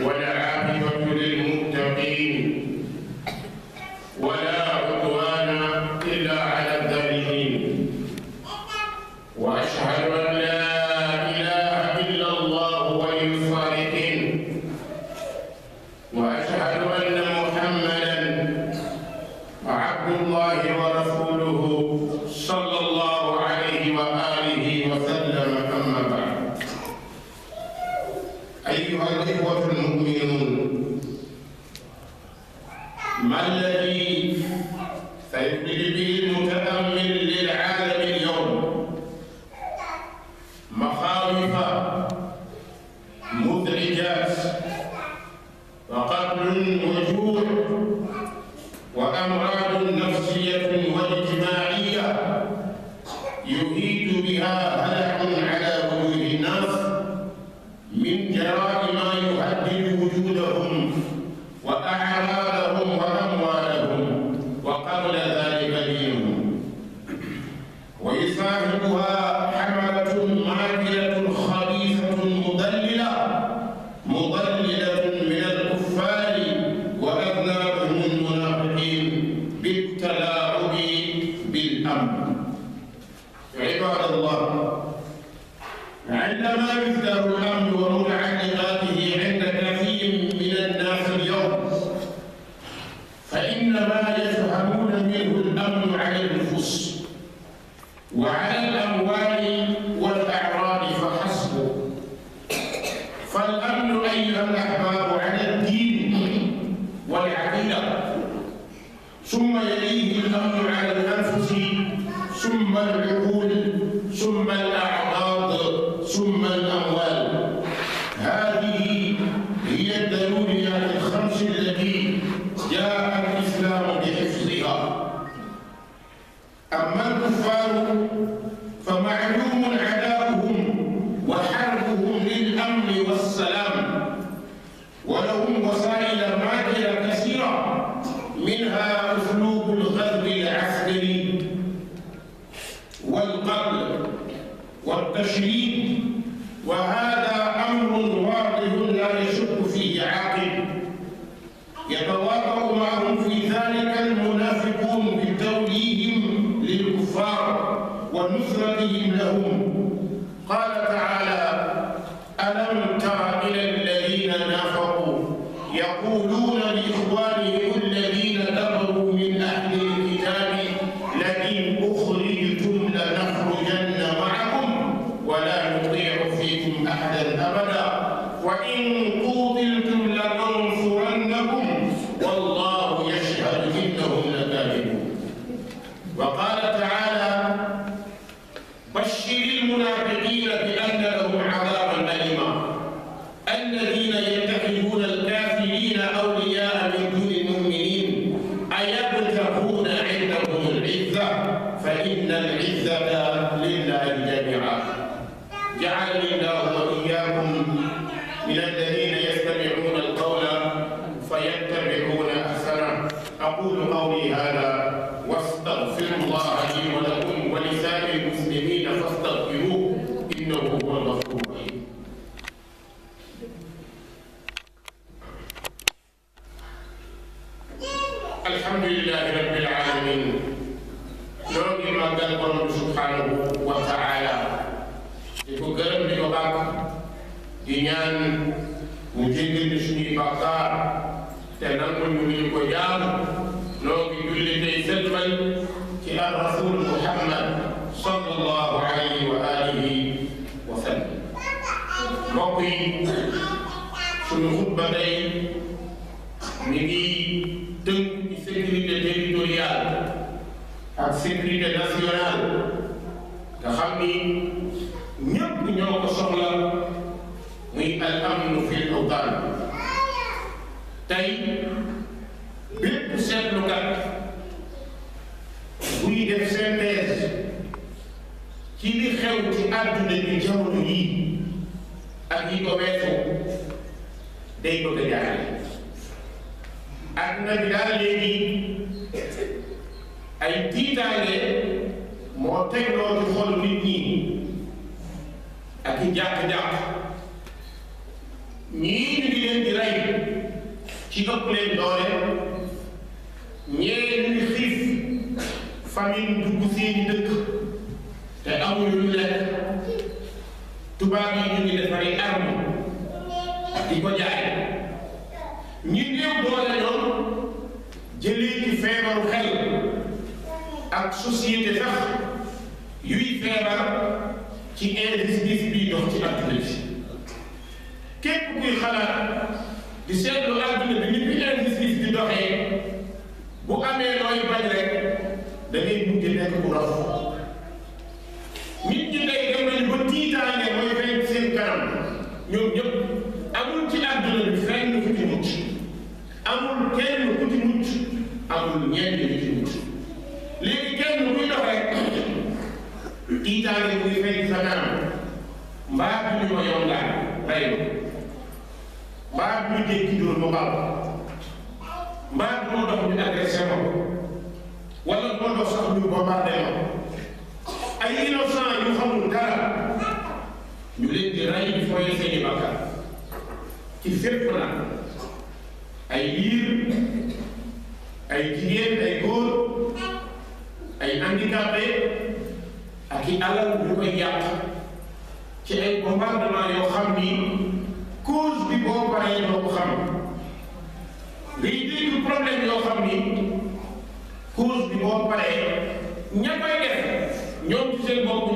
ولا عاقبة للمتقين ولا أيبتغون عندهم العزة فإن العزة لله جميعا جعلني الله وإياكم من الذين national nga xam ni ñépp ñoo ko soxla muy al amnu fil awtan tey bépp seetlukat buy def synthèse ci li xew ci àdduna bi jamono yi ak yi ko weesu day bëgg a jaaxle àdduna bi daal léegi ay tiitaange moo tegloo ci xolu nit ñi ak i jàkk-jàkk ñii ñu ngi leen di ci ëpp leen doole ñee ñu ngi xiif famine dugg seeni dëkk te amuñu lu lekk tubaab yi ñu ngi defari arme di ko jaay ñi néew doole ñoom jëlee ci xel ak société sax yuy feebar ci injustice bi dox ci àdduna bi képp kuy xalaat di seetlu àdduna bi nit bi injustice di bu amee looy bañ rek da ngay mujj nekk bu dox nit ñi day dem nañ ba tiitaane mooy feeñ seen kanam ñoom ñëpp ci àdduna bi fenn ku ci mucc amul kenn ku ci mucc amul ñu agressé ma wala mbooloo sax ñu bombardé ma ay innocent yu xamul dara ñu leen di rey di foyee seeni bakkan ci ay liir ay jigéen ay góor ay handicapé ak i alal bu koy yàq ci ay bombardement yoo xam ni cause bi boo bàyyee doo ko xam problème yoo xam ni cause bi boo paree ña koy def ñoom ci seen bopp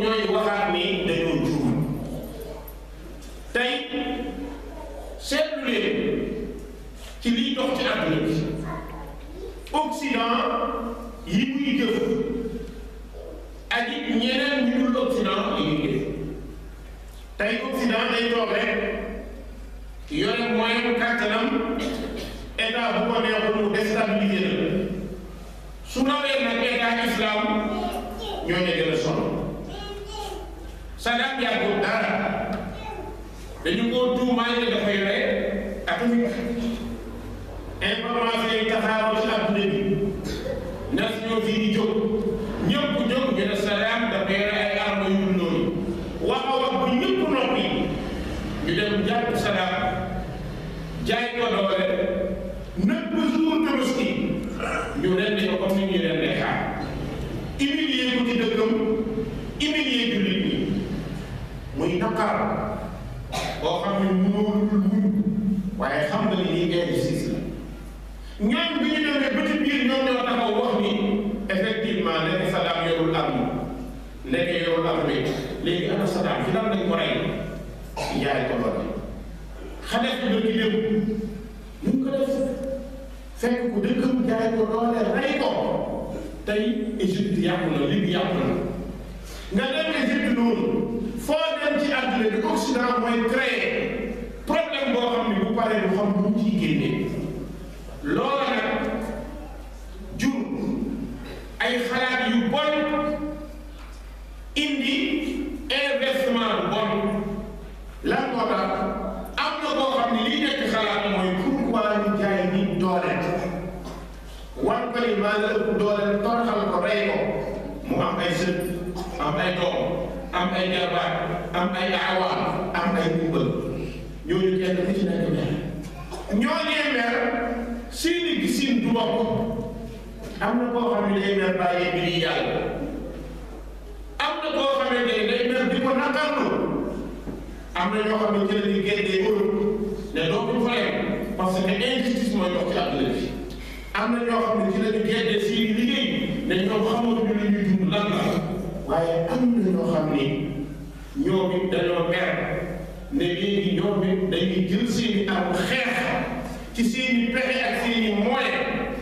ñoom ñoo taxaw wax ni effectivement nekk Saddam yorul arme nekk yorul arme léegi ana Saddam fi lan lañ ko rey yaay ko lool xale bi nga ci dem ku dëkkam jaay ko doole rey ko tey Égypte yàqu na Libye yàqu na nga dem Égypte noonu foo mooy créé problème boo xam ne bu paree du mu ciy génnee ay jarbaat am ay awaam am ay gumbal ñooñu kenn ku ci nekk mer ñooñee mer seeni gisin du bokk am na koo xam ne day mer bàyyi mbiri yàlla am na koo xam ne day mer di ko nakarlu am na ñoo xam ne jël ni génnee Europe ne dootul fa yem parce que injustice mooy dox ci àdduna bi am na ñoo xam ne ci lañu génnee seeni liggéey ne ñoom xamatuñu li ñuy dund lan la waaye am na ñoo xam ne ñoom it dañoo mer ne léegi ñoom it dañuy jël seeni aw xeex ci seeni pexe ak seeni moye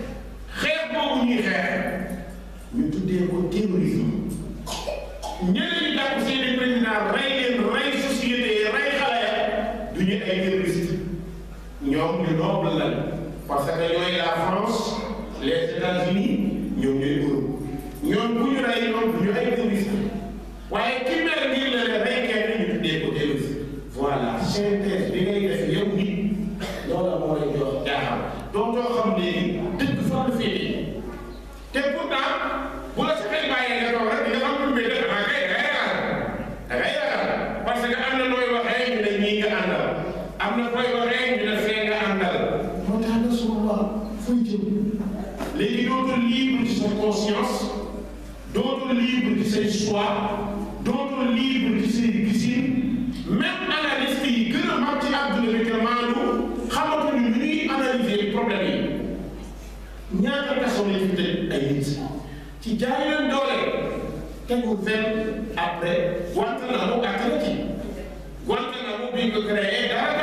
xeex boobu ñuy xeex ñu tuddee ko terrorisme ñeneen ñi dàq seeni président rey leen rey société rey xale ya du ñu ay terroriste ñoom ñu noble lañ parce que ñooy la France les États-Unis ñoom ñooy Europe ñoom bu rey ñoom du ñu ay terroriste fee ñu ne fee nga àndal moo tax na suma fooy jëm léegi dootul libre ci sa conscience dootul libre ci say choix dootul libre ci say gisin même analyste yi gën a mag ci àdduna bi te maandu xamatuñu ñu ñuy analyser problème yi ñaata personne yi fi tëj ay nit ci jaay leen doole tegu fen après wante na mu àttana ci wante na mu bi ko créé dara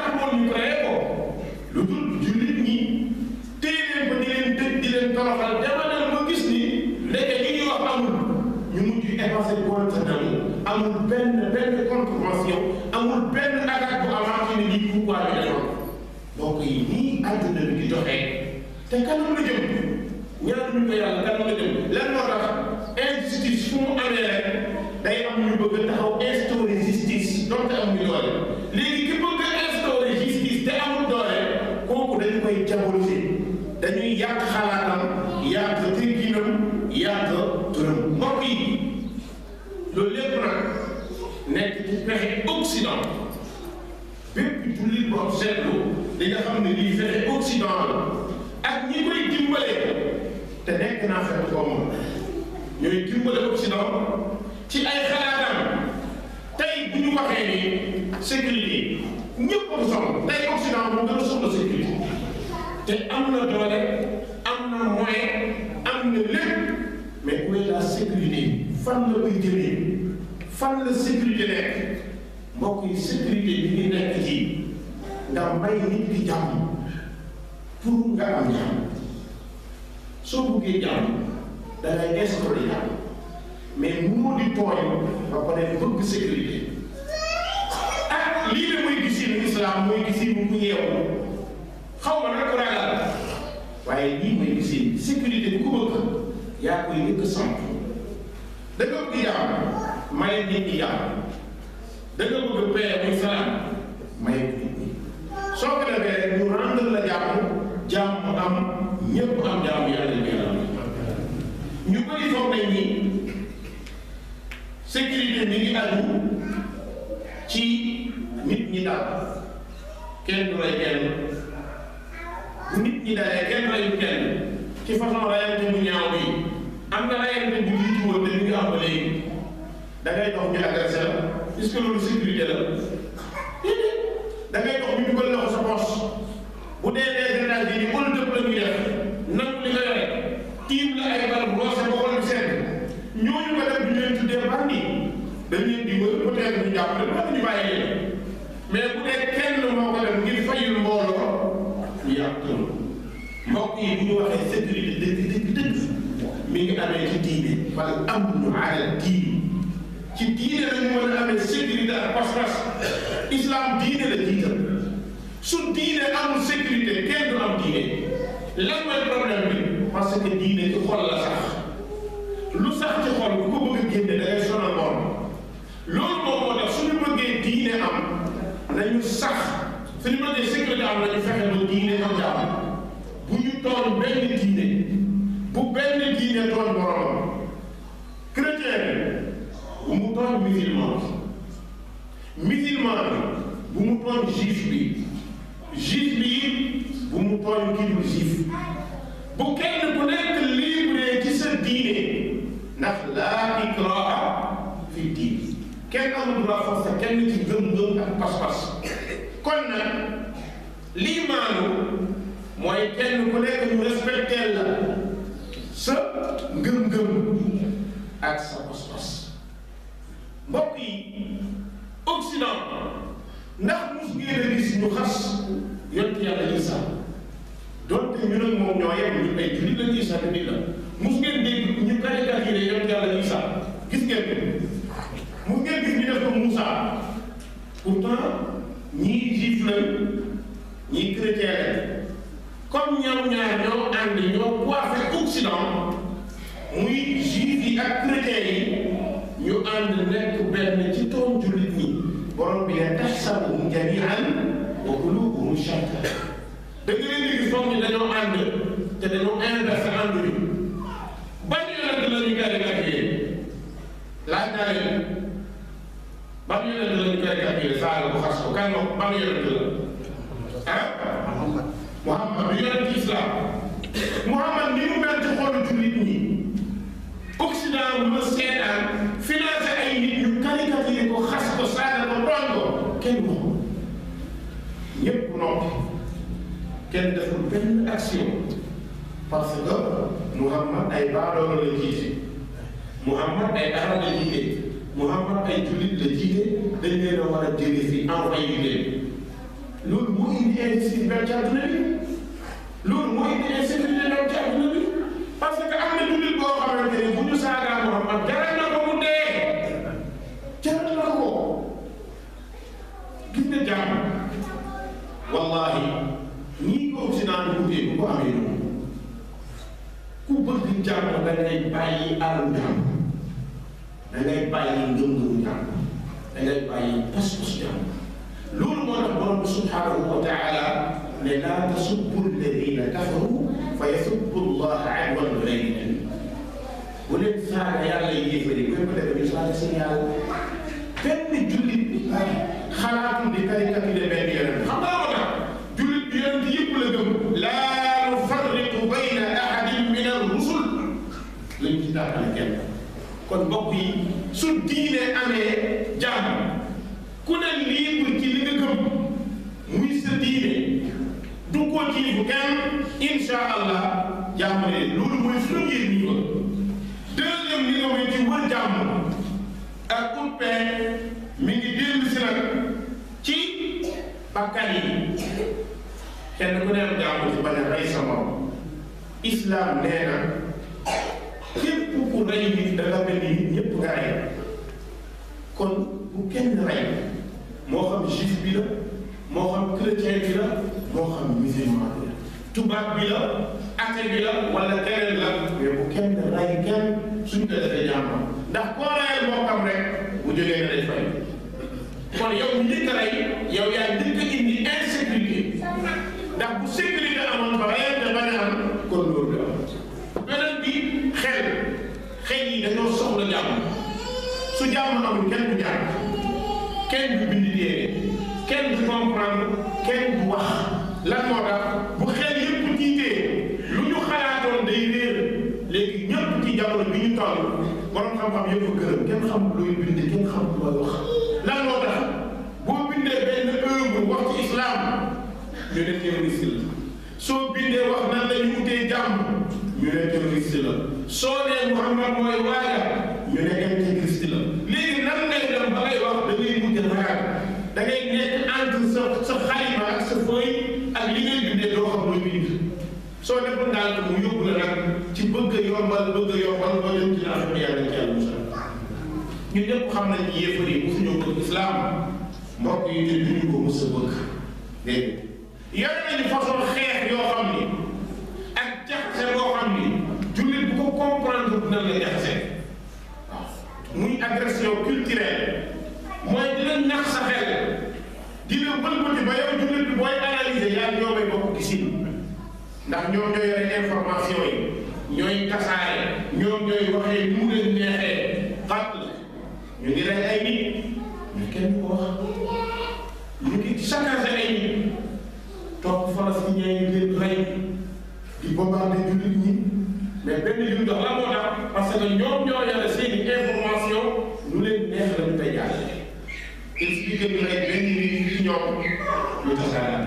àdduna bi di doxee te kanam la jëm ñaanuñu ko yàlla kanam la jëm lan moo tax injustice fu mu amee rek day am ñu bëgg taxaw instaurer justice donc amuñu doole léegi ki bëgg a instaurer justice te amul doole kooku dañu koy jaboliser dañuy yàq ya yàq tegginam yàq turam mbokk yi loolu lépp nag nekk ci pexe Occident. bépp jullit bu am seetlu li nga xam ne lii fexe Occident la ak ñi koy dimbale te nekk naa fexe ko moom ñooy dimbale Occident ci ay xalaatam tey bu ñu waxee ni sécurité ñëpp a ko soxla tey Occident moo gën a soxla sécurité te am na doole am na moyen am na lépp mais la sécurité fan la koy jëlee fan la mbokk yi sécurité bi ñu nekk ci nga may nit ki jàmm pour nga am jàmm soo buggee jàmm da ngay instauré jàmm mais mënoo di tooñ ba pare bëgg sécurité ak ah, lii la mooy gisiinu islam mooy gisiinu ku yeewu xaw ma nag ku ragal waaye lii mooy gisiin sécurité bi ku bëgg yaa koy njëkk sant da nga bëgg jàmm may nit ñi jàmm da nga bëgg paix muy salaam may nit ñi soo ko defee rek ñu rendre la jàmm jàmm am ñëpp am jàmm yàlla bi yàlla ñu bëri foog nañ ni sécurité mi ngi aju ci nit ñi daal kenn du rey kenn nit ñi dalee kenn reyu kenn ci façon rayante bu ñaaw bi am nga rayante bu jiitu woon te ñu ngi am ba léegi da ngay dox ñu agressé la est-ce que loolu sécurité la da ngay dox ñu dugal loxo sa poche bu dee dégradage bi ni mën a dëpp la ñuy def nangu li nga yore tiim la ay bal roose ba wala seen ñooñu ko def ñu leen tuddee bandi dañ leen di wër peut-être ñu jàpp leen wala ñu bàyyi leen mais bu dee kenn moo ko def ngir fayul mbooloo ñu yàq loolu mbokk yi bu ñu waxee sécurité dëgg dëgg dëgg mi ngi amee ci diine wala amul ala diine ci diine lañu mën a amee sécurité ak pas-pas islam diine la jiital su diine amul sécurité kenn du diine lan mooy problème bi parce que diine ci xol la sax lu sax ci xol ku ko bëgg a génne da ngay sonal moom loolu moom moo tax suñu bëggee diine am nañu sax suñu bëggee sécurité am nañu fexe ba diine am jàmm bu ñu toll benn diine musulman musulman bi bu mu tooñ juif bi juif bi bu mu tooñ kii bu kenn ku nekk libre ci sa diine ndax laa ikraha fi diin kenn amul droit force kenn ci gëm-gëm ak pas-pas kon nag mooy kenn ku nekk mbokk yi Occident ndax mos ngeen a gis ñu xas yonent yàlla Isa donte ñu ne moom ñoo yem ñu ay jullit la Isa te nii la mos ngeen dégg ñu caricaturé yonent yàlla Isa gis ngeen ko mos ngeen gis ñu def ko Moussa pourtant ñii juif lañ ñii chrétien lañ comme ñoom ñaar ñoo ànd ñoo coiffé Occident muy juif yi ak chrétien yi. ñu ànd nekk benn ci doon jullit ñi borom bi ne taxsabuhum jamian wa qulubuhum shatta da nga leen di gis foog ni dañoo ànd te dañoo inversé ànd bi ban yonent la ñu caricaturé laaj naa leen ban yonent la ñu caricaturé saala bu xas ko kan la ban yonent la ah Muhammad yonent islam Muhammad ni mu mel ci xolu jullit ñi Occident mu kenn deful benn action parce que Muhammad ay baadoolo la jiite Muhammad ay arab la jiite Muhammad ay jullit la jiite dañ leen a war a jëlee si envoyé leen loolu moo indi insécurité ci àdduna bi loolu yaram jàmm da ngay bàyyi ngëm-ngëm jàmm da ngay bàyyi pas-pas jàmm loolu moo tax borom bi subhanahu wa taala ne laa tasubbu alladina kafaru fa yasubbu allaha adwan bi gayri ilm bu leen saaga yàlla yi yéefari koy ko def ñu saaga seen yàlla xàkkan yi kenn ku neem jàmm ci bañ islam nee na képp ku rey nit danga mel ni nit ñëpp kon bu kenn rey moo xam juif bi la moo xam chrétien bi la moo xam musulman bi wala keneen la mais bu kenn rey kenn suñu ko defee ndax koo rey moo rek bu jógee nga day kon yow nit rey yow yaa su jàmm amul kenn du jàng kenn du bind kenn du comprendre kenn du wax lan moo bu xel yëpp tiitee lu ñu xalaatoon day réer léegi ñëpp ci jamono bi ñu toll borom xam-xam yëpp gërëm kenn xamul looy bind kenn xamul looy wax lan moo tax boo benn œuvre wax ci islam ñu ne terroriste la soo bindee wax nan la ñu utee jàmm ñu ne terroriste la soo nee Muhammad mooy waaja ñu ne intégriste da ngay nekk entre sa sa xalima ak sa fooy ak li ngay bindee doo xam lu bind soo deful daal mu yóbbu la nag ci bëgg a yombal bëgg a yombal boo dem ci affaire yàlla ci yàlla musal ñu ñëpp xam nañ yéefar yi mosuñu bëgg islam mbokk yi te duñu ko mos a bëgg dégg tasaare ñoom ñooy waxee ni mu leen neexee fàttali ñu ngi rey ay nit mais kenn du ko wax ñu ngi saccagé ay nit topp palestinien yi leen rey di bombardé jullit ñi mais benn yu dox la moo tax parce que ñoom ñoo yore seeni information lu leen neex la ñu koy jàllale expliqué ñu rek benn nit ci ñoom ñu tasaare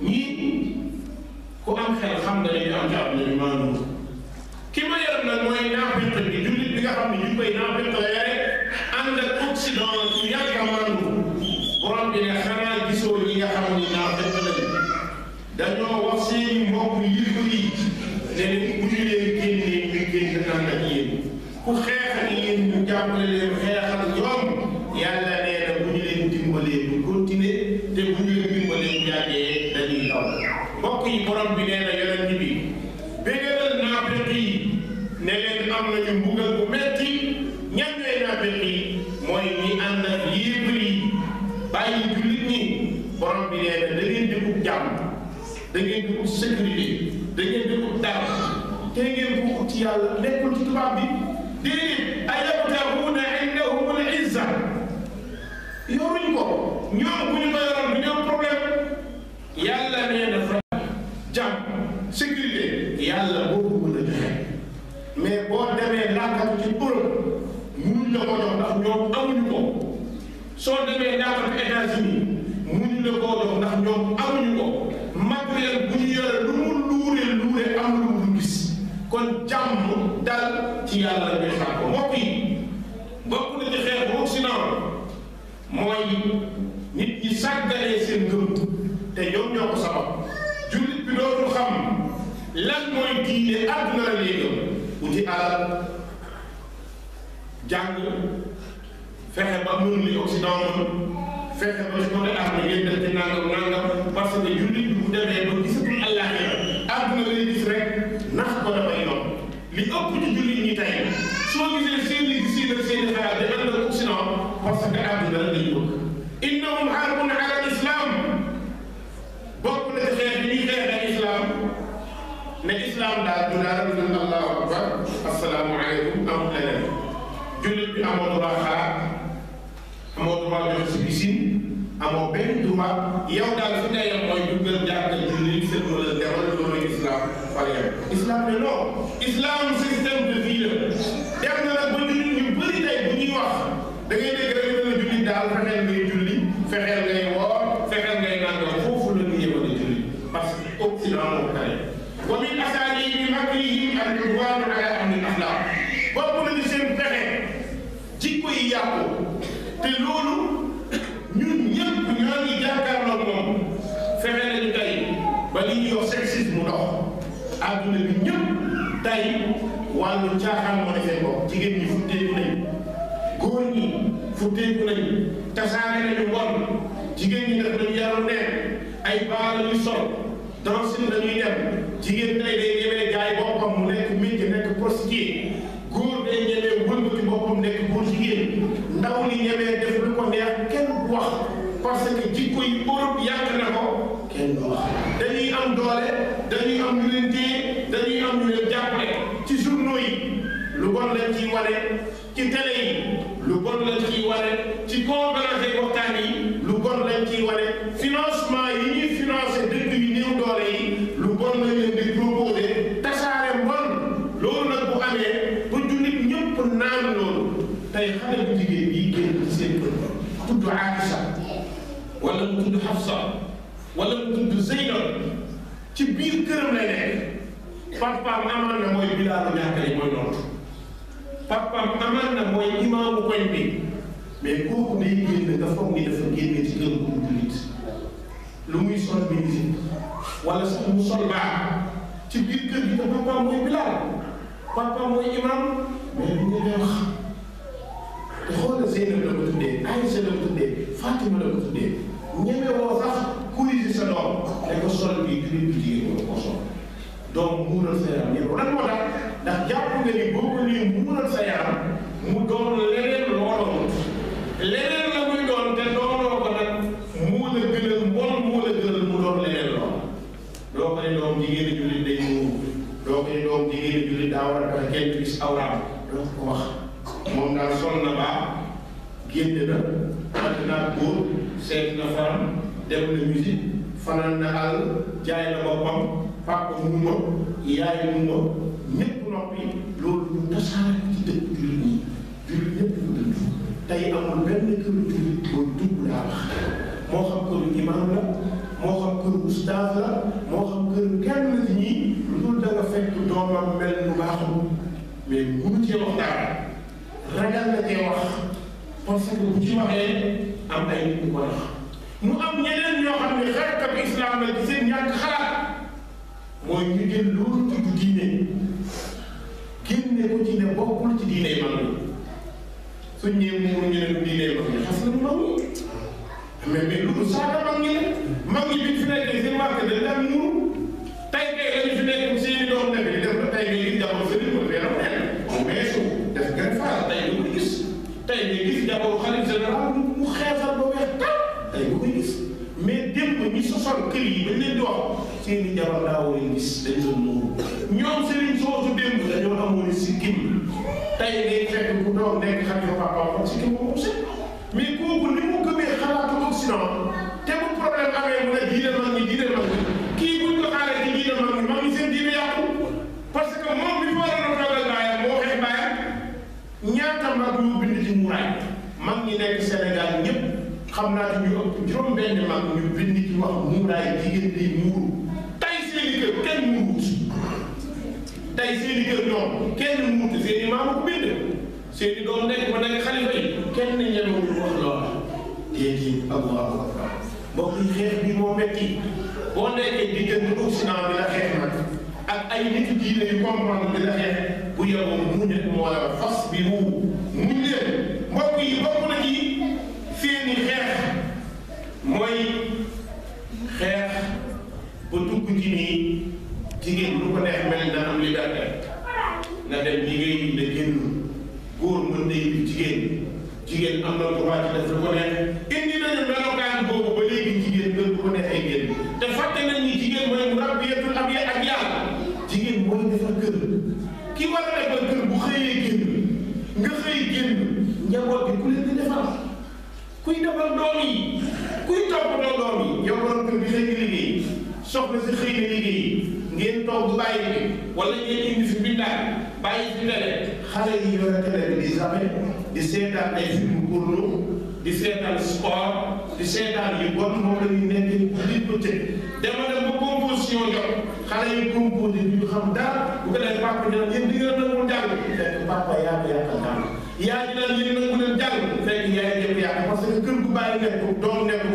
ñii ku am xel xam nga li ñu am ci àdduna bi maanaam ki ma yaram nag mooy naafiq bi jullit bi nga xam ne ñu koy naafiq la yare ànd ak occident yàlla boo ko mën a joxe mais boo demee làkkatu ci Europe mënuñ la ko jox ndax ñoom ko soo demee làkkatu États-Unis mënuñ la koo jox ndax ñoom amuñu ko matériel bu ñu lu mu luuree luuree am mu gis kon jàmm dal ci yàlla ñuy xaar ko mbokk yi bokk na ci xeexu Occident mooy nit ñi sàggalee seen gëm te ñoom ñoo ko sabab lan mooy diine àdduna la ñuy ñëw uti alal jàng fexe ba mën li Occident mën fexe ba ci côté arme ngeen def ci nangam nangam parce que jullit bi bu demee ba gisatul àllaaxira àdduna lay gis rek nax ko dafay yomb li ëpp ci jullit ñi tey soo gisee seen i gis-gis seen i xalaat di ànd ak Occident parce que àdduna amoon daal ñu daal di ne allahu akbar asalaamualeykum amul leneen jullit bi amoo droit xaar amoo droit joxe si piscine amoo benn droit yow daal fi ngay yem mooy duggal jàkka julli seen wala demal loolu islam wala islam ne non islam yàq na ko kenn du wax dañuy am doole dañuy am ñu leen téye am ñu leen jàppale ci journaux yi lu bon lañ ciy wane ci télé yi lu bon lañ ciy wane ci conférence papaam amaan na mooy bilaalu ñàkkale mooy noonu papaam amaan na mooy imaamu koñ bi mais kooku day génn nga foog ni dafa génn ci kër gu jullit lu muy sol bi wala sax mu sol baax ci biir kër gi te papaam mooy bilaal papaam mooy imaam mais lu ñu koy wax te xoolal Zeynab la ko tuddee Aïssa la ko tuddee Fatima la ko tuddee ñeme woo sax kuy si sa doom ne ko sol bi jullit bi jigéen ko sol donc muural sa yaram yëpp lan moo tax ndax jàpp nga ni boo ko nii mu doon leneen loo doon leneen la doon te doonoo ko nag moo la gënal mbon moo la gënal mu doon leneen lool doo ko ne doom jigéen a jullit muur doo ko ne doom jigéen a jullit daa war a tax kenn moom daal sol na baax génn na mat naa góor seet na faram dem na musique fanaan na àll jaay na boppam papa mun na yaay mun na ñëpp noppi loolu ñu tasaare ci dëkk jullit ñi jullit ñëpp ñu dund tey amul benn kër jullit booy dugg laa wax moo xam këru imam la moo xam këru ustaas la moo xam këru kenn la ci ñii loolu da nga fekk doomam mel nu baaxul mais munu cee wax dara ragal na cee wax parce que bu ci waxee am ay nit ñu ko wax mu am ñeneen ñoo xam ne xarit ak islam la ci seen ñàkk xalaat mooy ñu jël loolu tudd diine génne ko ci ne bokkul ci diine mag ñi suñ ñëwee mu ne diine mag ñi xas nañu mag ñi mais mais loolu saaga mag ñi la mag ñi bi fi nekkee seen marque dañ daan nuru tey kay lañu fi nekk seen i doom nekk di def ba tey ngay gis jàppal sëriñ wala benn nekk mais su def gën faa tey du ko gis tey ngay gis jàppal xalif général mu xeesal ba weex tàll tey du ko gis mais démb ñi sosoon kër yi dañ leen di seeni jabar daa war a gis dañ doon muuru ñoom sëriñ soosu démb dañoo amoon si kim tey day fekk bu doon nekk xam nga papa si kim moom si mais kooku ni mu gëmee xalaatu Occident te bu problème amee mu ne diine mag ñi diine mag ñi kii buñ ko xaaree ci diine mag ñi mag ñi seen diine yàqu parce que moom bi fa waroon a dogal baayam moo waxee baayam ñaata mag ñu bind ci muraay mag ñi nekk Sénégal ñëpp xam naa ci ñu ëpp juróom-benn mag ñu bind ci wax imaam ko bind seen nekk ba nekk xalifa yi kenn ñemewul wax loola déedéet allahu akbar mbokk yi xeex bi moo metti boo nekkee diggante occident bi la xeex nag ak ay nit diine yu comprendre bi la xeex bu yeboo mu nekk moo la fas bi mu muñ leen seeni xeex mooy xeex ba dugg ci nii jigéen lu ko neex mel na am liberté na dem liggéey mën na yëngu jigéen jigéen am na droit ci def lu ko nekk indi nañu melokaan boobu ba léegi jigéen gën bu ko neexee génn te fàtte nañ ni jigéen mooy murabbiyatul ab ak yàlla jigéen mooy defar kër ki war a defar kër bu xëyee génn nga xëy génn njaboot bi ku leen di defar kuy defar doom yi kuy toppatoo doom yi yow loolu kër bi léegi liggéey soxna si xëy na liggéey ngeen toog bàyyi bi wala xale yi yore télé bi di zappé di seetaan ay film porno di seetaan sport di seetaan yu bon moom la ñuy nekk di bëccëg dama dem ba composition yor xale yi composé ñu xam dara bu ko defee papa ñu naan yéen di ngeen nangu jàng fekk papa yaa ko yàqal jàng yaa ngi naan yéen nangu leen jàng fekk yaay jëf yàq parce que kër gu bàyyi nekk doom nekk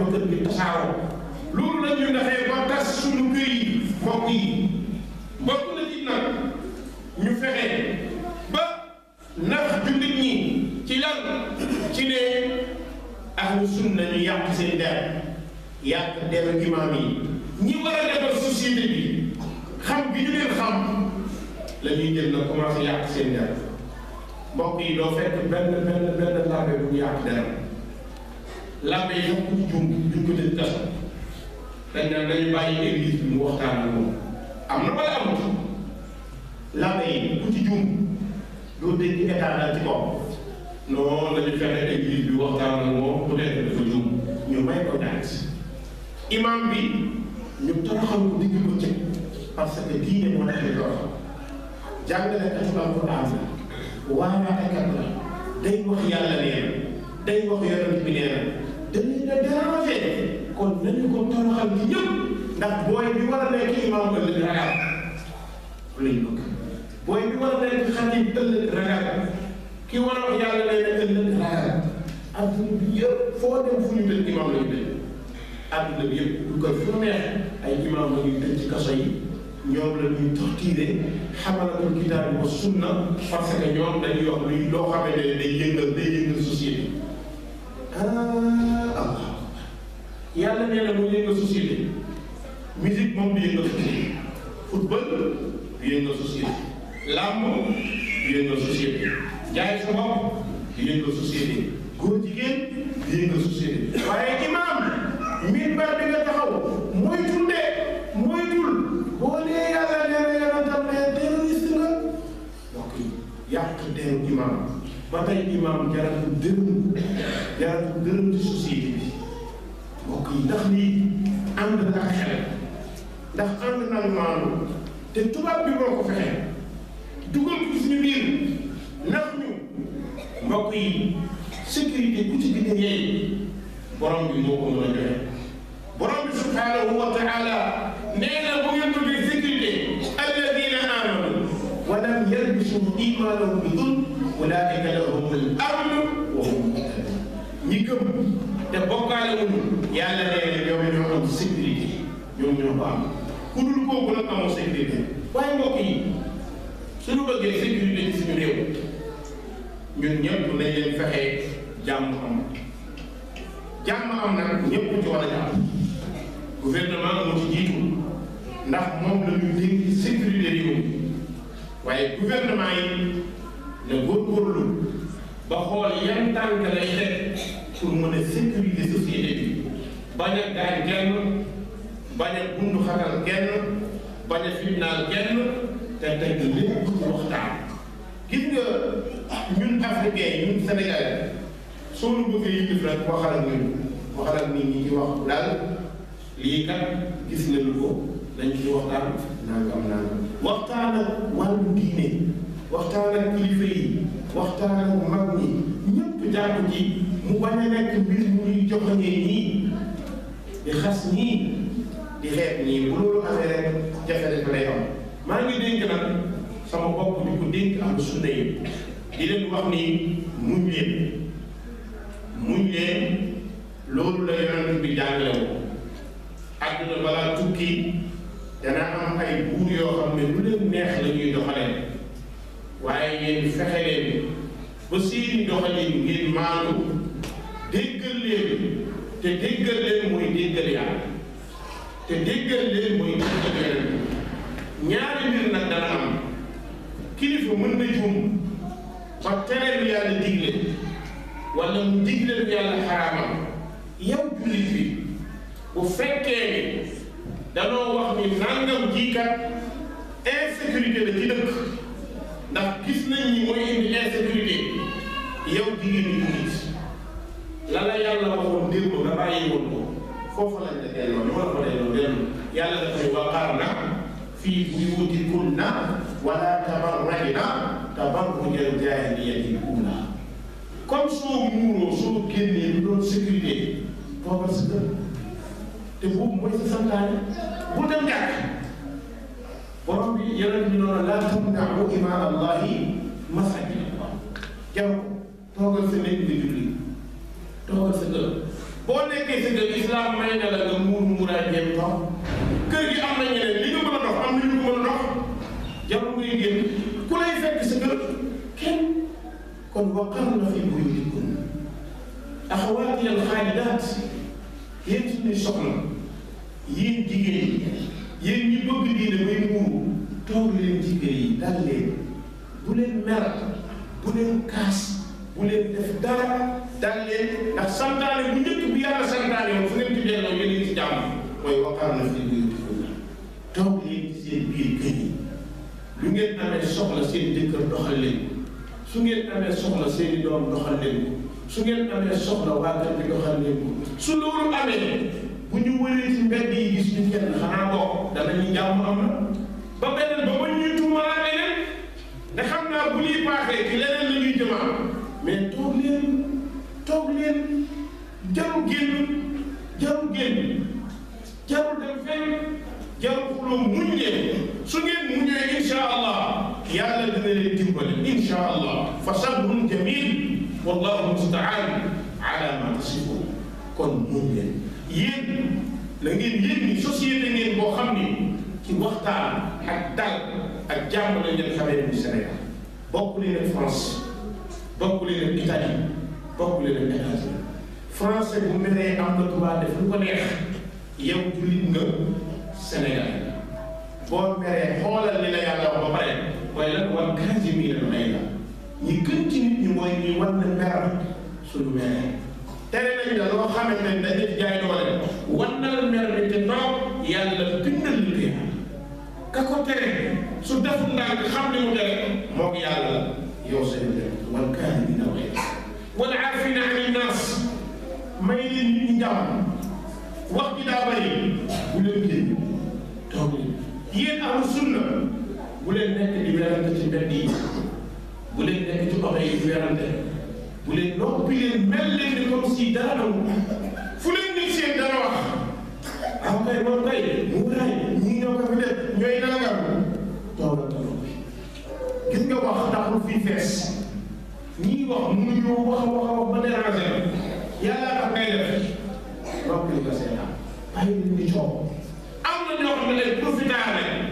yàq seen der yàq deru imaam yi ñi war a defar société bi xam bi ñu leen xam la ñuy jël na commencé yàq seen der mbokk yi doo fekk benn benn benn laabe bu ñu yàq deram yi xam jum duñ ko tëj kaso dañ naan dañu bàyyi église mu waxtaan ak moom am na wala amut laabe yi ku jum doo dégg état daal ci kaw non dañu fexe église bi waxtaan ak moom peut-être dafa jum ñu may ko ñaari imam bi ñu taxawu digg ko ci parce que diine moo tax lool jàngalekat alquran la waaraatekat la day wax yàlla neen day wax yonent bi neen dañuy na dérangé kon nañu ko toroxal ñi ñëpp ndax booy bi war a nekk imam ëllëg ragal booy bi war a nekk xatim ëllëg ragal ki war a yàlla neen ëllëg àdduna bi dem fu ñu tëj imaam la ñu tëj àdduna bi yëpp du ko fu neex ay imaam la ñuy tëj ci kaso yi ñoom la ñuy torturé xamalatul kitaab wa sunna parce que ñoom dañuy wax luy loo xamante ne day yëngal day yëngal société ah allah yàlla nee na mu yëngal société musique moom du yëngal société football du yëngal société làmb du yëngal société jaay sa bopp du yëngal société lii nga société waaye imaam min bar bi nga taxaw mooy tunde mooy dul boo nee yàlla nee na yonentam ne terroriste nga donc yàq deeru imaam ba tey imaam jaratu dërëm jaratu dërëm ci société bi mbokk yi ndax lii ànd ak xel ndax ànd nag maandu te tubaab bi moo ko fexe dugal sécurité bu ci gën a yey bi moo ko mën a joxe borom bi subhanahu wa taala nee na bu ngeen bëggee sécurité alladina amanu wa lam yalbisu imanahum bi dul ulaika lahum al hum muhtadun ñi gëm te bokkaale wuñu yàlla nee na ñoom ñoo am sécurité ñoom ñoo ko am ku dul kooku nag amoo sécurité waaye mbokk yi suñu bëggee sécurité ci suñu réew ñun ñëpp nañ leen fexe jàmm am na am nag ñëpp ci war a jàpp gouvernement ci jiitu ndax moom la ñu dénk sécurité réew mi waaye gouvernement yi ne góorgóorlu ba xool yan tànk lay def pour mën a sécuriser société bi bañ a gaañ kenn bañ a bundu xatal kenn bañ a kenn te teg lépp waxtaan gis nga ñun africain ñun sénégalais soo nu bëggee yilif rek waxal ak ñun waxal ak nit ñi ci wax daal lii kat gis nañu ko dañ ci waxtaan nangam nangam waxtaan ak wàllu diine waxtaan ak kilifa yi waxtaan mag ñi ñëpp jàpp ci mu bañ a nekk mbir mu ñuy nii di xas nii di xeet nii bu loolu amee rek jafe-jafe lay am maa ngi dénk nag sama bopp di ko dénk am sunna yi di leen wax ni muñ leen ne loolu la yonent bi jàngale woon balaa tukki dana am ay buur yoo xam ne lu leen neex la doxalee waaye ngeen fexe leen ba seeni doxalin ngeen maandu déggal leen te déggal leen mooy déggal yàlla te déggal leen mooy déggal yonent ñaari mbir nag dana am kilifa mën na jum ba tere yàlla digle wala mu digle lu yàlla xaraamal yow jullit bi bu fekkee ni danoo wax ni nangam jiikat insécurité la ci dëkk ndax gis nañ mooy indi insécurité yow jullit la la yàlla waxoon démb nga bàyyi woon ko foofu lañ la delloo ñu war ko delloo delloo yàlla dafa ne waqarna fii buyutikunna wala tabarrajna tabarruja al-jaahiliyya comme soo muuroo soo génnee lu doon sécurité toogal sa kër te boobu mooy sa santaane bu dem jàkk borom bi yeneen ñu noonu laa tamna'u imaa allahi masajid allah jaw toogal sa nekk di julli toogal sa kër boo nekkee sa kër islam may na la nga muur muuraay jéem toog kër gi am na ñeneen li nga mën a dox am na ñu mën a dox jarul ngay génn kon waqarna fi buyutikum axawaati al xaalidaat yéen suñuy soxla yéen jigéen ñi yéen ñi bëgg diine bay muuru toog leen jigéen yi dal bu leen mer bu leen kaas bu leen def dara dal ndax santaane bu njëkk bu yàlla santaane yoon fu ngeen ci delloo yéen ci jàmm mooy waqarna fi buyutikum toog leen ci seen biir kër yi lu ngeen amee soxla seen jëkkër doxal leen su ngeen amee soxla seeni doom doxal leen ko su ngeen amee soxla waa ne doxal leen ko su loolu amee bu ñu wëree ci mbedd yi gis ñu kenn xanaa ko danañu jàmm am na ba beneen ba ba ñuy tuumalaa leneen ne xam naa bu ñuy paasee ci leneen la ñuy jëmaa mais toog leen toog leen jaru génn jaru génn jaru dem fenn jaru xuloo muñ su ngeen muñee incha allah yàlla dina leen dimbali شاء الله فصبر جميل والله المستعان على ما تصفون kon moom leen yéen la ngeen yéen ni société ngeen boo xam ni ci waxtaan ak dal ak jàmm lañ leen xamee ni Sénégal bokk leen ak France bokk leen ak Italie bokk leen ak États-Unis français bu meree am na tubaab def lu ko neex yow jullit nga Sénégal boo meree xoolal li la yàlla wax ba pare waaye nag wal kaasimiina al-ghayza ñi gën ci nit ñi mooy ñuy wan ne mer suñu mer tere nañ la loo xamante ne dañ leen jaay doole wannal mer bi te toog yàlla bindal li ka ko tere su deful ndànk xam li mu tere moom yàlla yow seen def wal kaasimiina al-ghayza wal aafiina ani naas may leen wax bi daa bëri bu leen génn toog leen yéen ahlu sunna bu leen nekk di werante ci mbedd yi bu leen nekk ci oto yi werante bu leen noppi leen mel leen ni comme si dara amul fu leen nit seen dara wax am kay moom kay mu raay ñi ñoo ko fi def ñooy nangam toogal te noppi gis nga wax taxul fii fees ñii wax mënuñu wax a wax a wax ba dérangé yàlla tax ngay def noppi li ko seetaan bàyyi leen di coow am na ñoo xam ne lay profitaare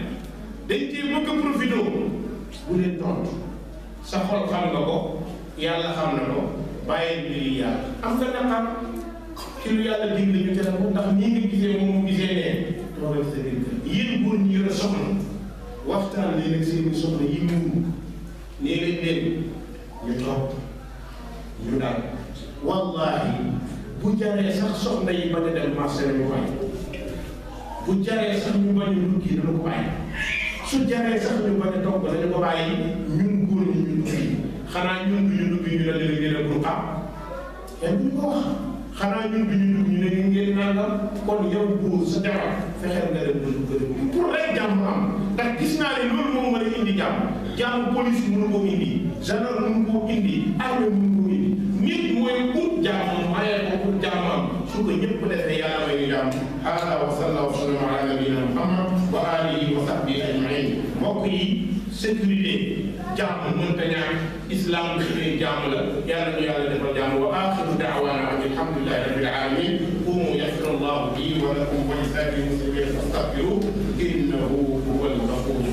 dañ cee bëgg a profité bu leen tontu sa xol xam ko yàlla xam na ko bàyyi bi yàlla am nga naqar lu yàlla digle ñu tere ko ndax nii nga gisee moom gisee nee loolu sa dégg yéen góor ñi yore waxtaan leen ak seen soxna yi mu nee leen leen ñu toog ñu dal wallahi bu jaree sax soxna yi bañ a dem marché ñu fay bu jaree sax ñu bañ a dugg dana ko bàyyi su jaree sax ñu bañ a toog ba dañu ko bàyyi ñun góor ñi ñu dugg xanaa ñun bi ñu dugg ñu ne léegi ngeen a groupe am kenn duñ ko wax xanaa ñun bi ñu dugg ñu ne ngeen nangam kon yow góor sa jabar fexeel nga dem ba dugg dugg pour rek jàmm am ndax gis naa ne loolu moo mën a indi jàmm jàmm police mënu ko indi gendarme mënu ko indi armée mënu ko indi nit mooy ut jàmm mayee ko ut jàmm am su ko ñëpp defee yàlla may ñu jàmm hada wa sallallahu wa sallam ala nabiyina muhammad sécurité jàmm mënta ñàkk islam suñuy jàmm la yàlla ñu yàlla defal jàmm wa axiru daawaana an alhamdulilahi rabbil alamin qumu yasir allahu li wa lakum wa lisaa'iril muslimin fastaghfiruhu innahu huwal ghafur